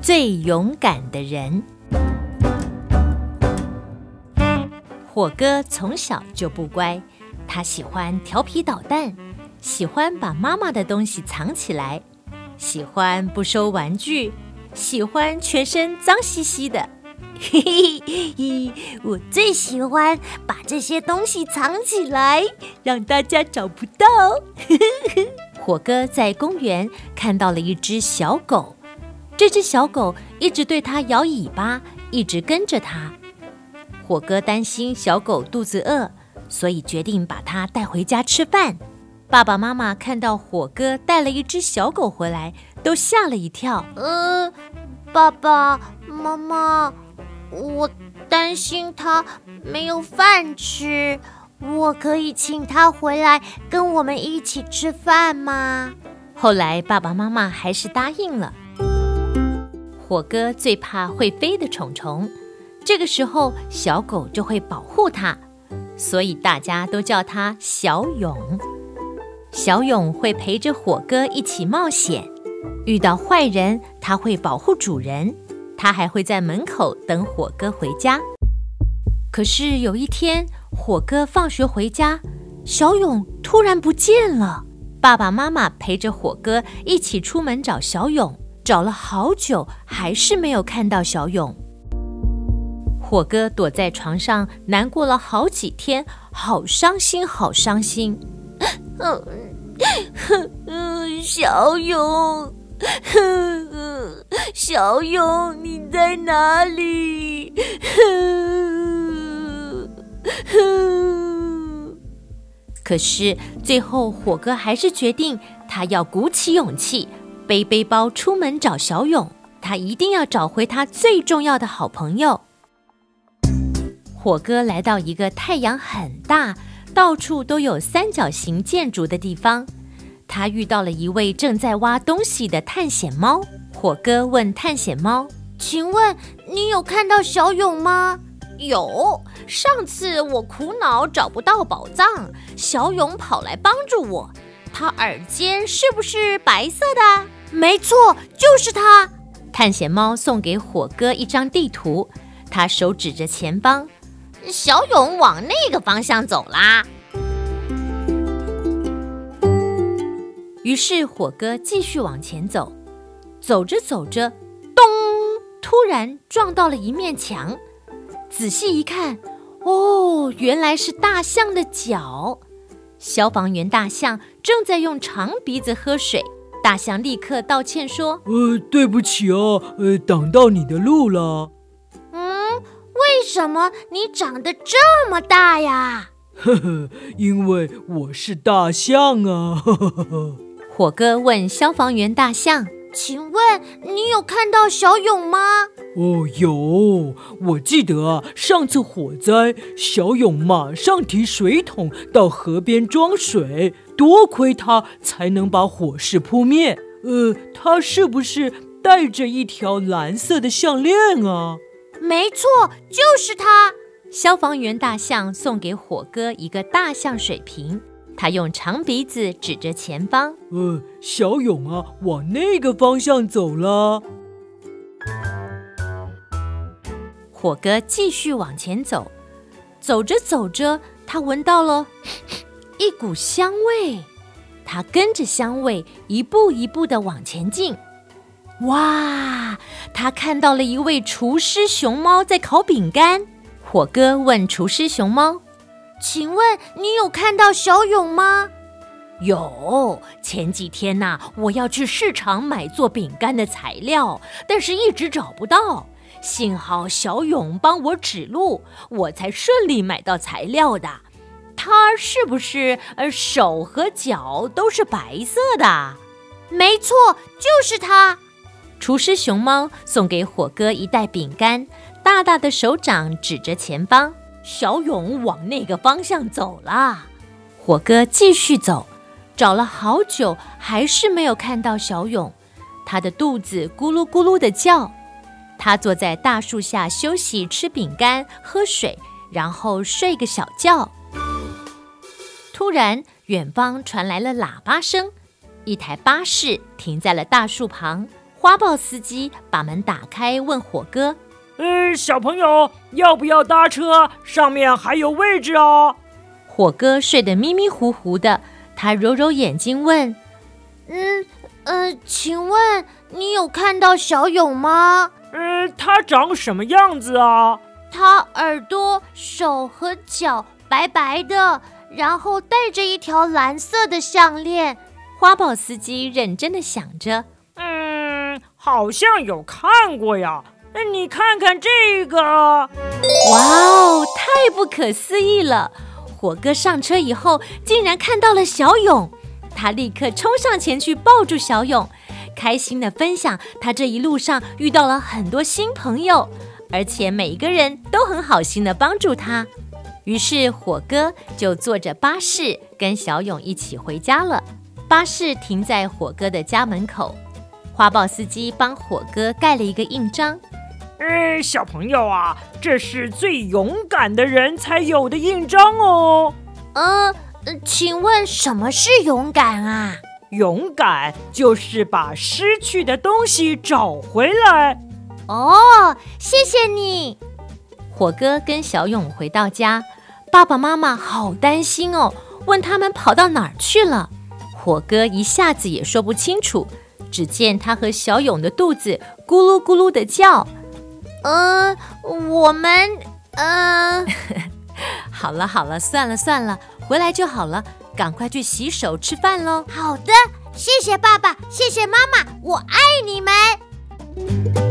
最勇敢的人。火哥從小就不乖，他喜歡調皮搗蛋，喜歡把媽媽的東西藏起來，喜歡不收玩具，喜歡全身髒兮兮的。嘿嘿嘿，我最喜歡把這些東西藏起來，讓大家找不到。 火哥在公園看到了一隻小狗，這隻小狗一直對它搖尾巴，一直跟着它。火哥擔心小狗肚子餓，所以決定把它帶回家吃飯。爸爸媽媽看到火哥帶了一隻小狗回來，都嚇了一跳。呃，爸爸媽媽。我擔心他沒有飯吃，我可以請他回來跟我們一起吃飯嗎？後來爸爸媽媽還是答應了。火哥最怕會飛的蟲蟲，這個時候小狗就會保護他，所以大家都叫他小勇。小勇會陪着火哥一起冒險，遇到壞人，他會保護主人。他還會在門口等火哥回家。可是有一天，火哥放學回家，小勇突然不見了。爸爸媽媽陪着火哥一起出門找小勇，找了好久，還是沒有看到小勇。火哥躲在床上難過了好幾天，好傷心，好傷心。嗯， 小勇。哼，小勇，你在哪裡？哼，哼，可是最後，火哥還是決定，他要鼓起勇氣，背背包出門找小勇。他一定要找回他最重要的好朋友。火哥來到一個太陽很大，到處都有三角形建築的地方。他遇到了一位正在挖東西的探險貓。火哥問探險貓：“請問你有看到小勇嗎？”“有，上次我苦惱找不到寶藏，小勇跑來幫助我。他耳尖是不是白色的？”“沒錯，就是他。”探險貓送給火哥一張地圖，他手指着前方：“小勇往那個方向走啦。”於是火哥繼續往前走，走着走着，咚！突然撞到了一面牆。仔細一看，哦，原來是大象的腳。消防員大象正在用長鼻子喝水。大象立刻道歉說：“呃，對不起哦，呃，擋到你的路了。”“嗯，為什麼你長得這麼大呀？”“呵呵，因為我是大象啊。呵呵呵。”火哥問消防員大象：“請問你有看到小勇嗎？”“哦，有，我記得上次火災，小勇馬上提水桶到河邊裝水，多虧他才能把火勢撲滅。呃，他是不是帶着一條藍色的項鏈啊？”“沒錯，就是他。”消防員大象送給火哥一個大象水瓶。他用長鼻子指着前方。嗯、呃，小勇啊，往那個方向走了。火哥繼續往前走，走着走着，他聞到了一股香味。他跟着香味一步一步的往前進。哇，他看到了一位廚師熊貓在烤餅乾。火哥問廚師熊貓。請問你有看到小勇嗎？有，前幾天吶，我要去市場買做餅乾的材料，但是一直找不到。幸好小勇幫我指路，我才順利買到材料的。他是不是呃，手和腳都是白色的？沒錯，就是他。廚師熊貓送給火哥一袋餅乾，大大的手掌指着前方。小勇往那個方向走了，火哥繼續走，找了好久還是沒有看到小勇，他的肚子咕嚕咕嚕的叫。他坐在大樹下休息，吃餅乾，喝水，然後睡個小覺。突然，遠方傳來了喇叭聲，一台巴士停在了大樹旁，花豹司機把門打開，問火哥。呃、嗯，小朋友，要不要搭車？上面還有位置哦。火哥睡得迷迷糊糊的，他揉揉眼睛問：“嗯，呃，請問你有看到小勇嗎？呃、嗯，他長什麼樣子啊？”他耳朵、手和腳白白的，然後戴着一條藍色的項鏈。花豹司機認真地想着：“嗯，好像有看過呀。”你看看這個、啊！哇哦，太不可思議了！火哥上車以後，竟然看到了小勇，他立刻衝上前去抱住小勇，開心的分享他這一路上遇到了很多新朋友，而且每一個人都很好心的幫助他。於是火哥就坐着巴士跟小勇一起回家了。巴士停在火哥的家門口，花豹司機幫火哥蓋了一個印章。呃、嗯，小朋友啊，這是最勇敢的人才有的印章哦。嗯、呃，請問什麼是勇敢啊？勇敢就是把失去的東西找回來。哦，謝謝你。火哥跟小勇回到家，爸爸媽媽好擔心哦，問他們跑到哪兒去了。火哥一下子也說不清楚，只見他和小勇的肚子咕嚕咕嚕的叫。嗯，uh，我們嗯，uh... 好了好了，算了算了，回來就好了，趕快去洗手吃飯嘍。好的，謝謝爸爸，謝謝媽媽，我愛你們。